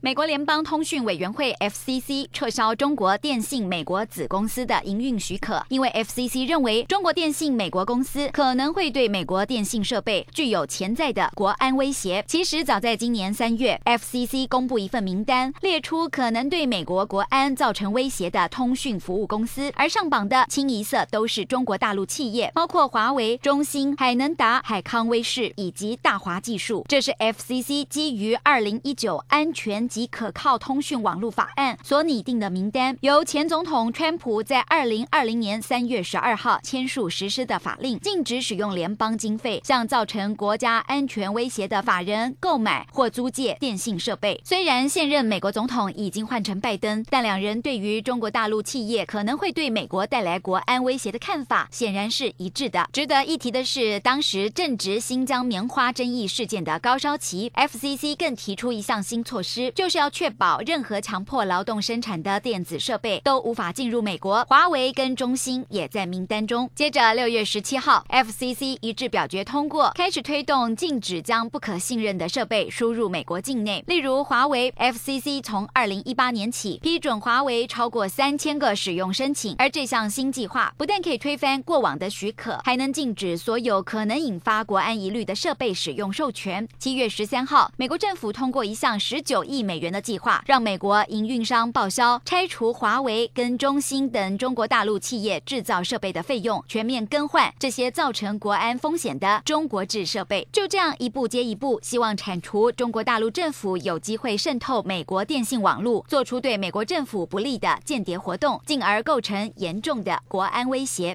美國聯邦通訊委員會 （FCC） 撤銷中國電信美國子公司的營運許可，因為 FCC 認為中國電信美國公司可能會對美國電信設備具有潛在的國安威脅。其實早在今年三月，FCC 公布一份名單，列出可能對美國國安造成威脅的通訊服務公司，而上榜的清一色都是中國大陸企業，包括華為、中興、海能達、海康威視以及大華技術。這是 FCC 基於二零一九安全。及可靠通訊網絡法案所擬定的名單，由前總統川普在二零二零年三月十二號簽署實施的法令，禁止使用聯邦經費向造成國家安全威脅的法人購買或租借電信設備。雖然現任美國總統已經換成拜登，但兩人對於中國大陸企業可能會對美國帶來國安威脅的看法顯然是一致的。值得一提的是，當時正值新疆棉花爭議事件的高燒期，FCC 更提出一項新措施。就是要確保任何強迫勞動生產的電子設備都無法進入美國。華為跟中興也在名單中。接着，六月十七號，FCC 一致表決通過，開始推動禁止將不可信任的設備輸入美國境內，例如華為。FCC 從二零一八年起批准華為超過三千個使用申請，而這項新計劃不但可以推翻過往的許可，還能禁止所有可能引發國安疑慮的設備使用授權。七月十三號，美國政府通過一項十九億。美元的計劃，讓美國營運商報銷拆除華為跟中興等中國大陸企業製造設備的費用，全面更換這些造成國安風險的中國製設備。就這樣，一步接一步，希望鏟除中國大陸政府有機會滲透美國電信網路，做出對美國政府不利的間諜活動，進而構成嚴重的國安威脅。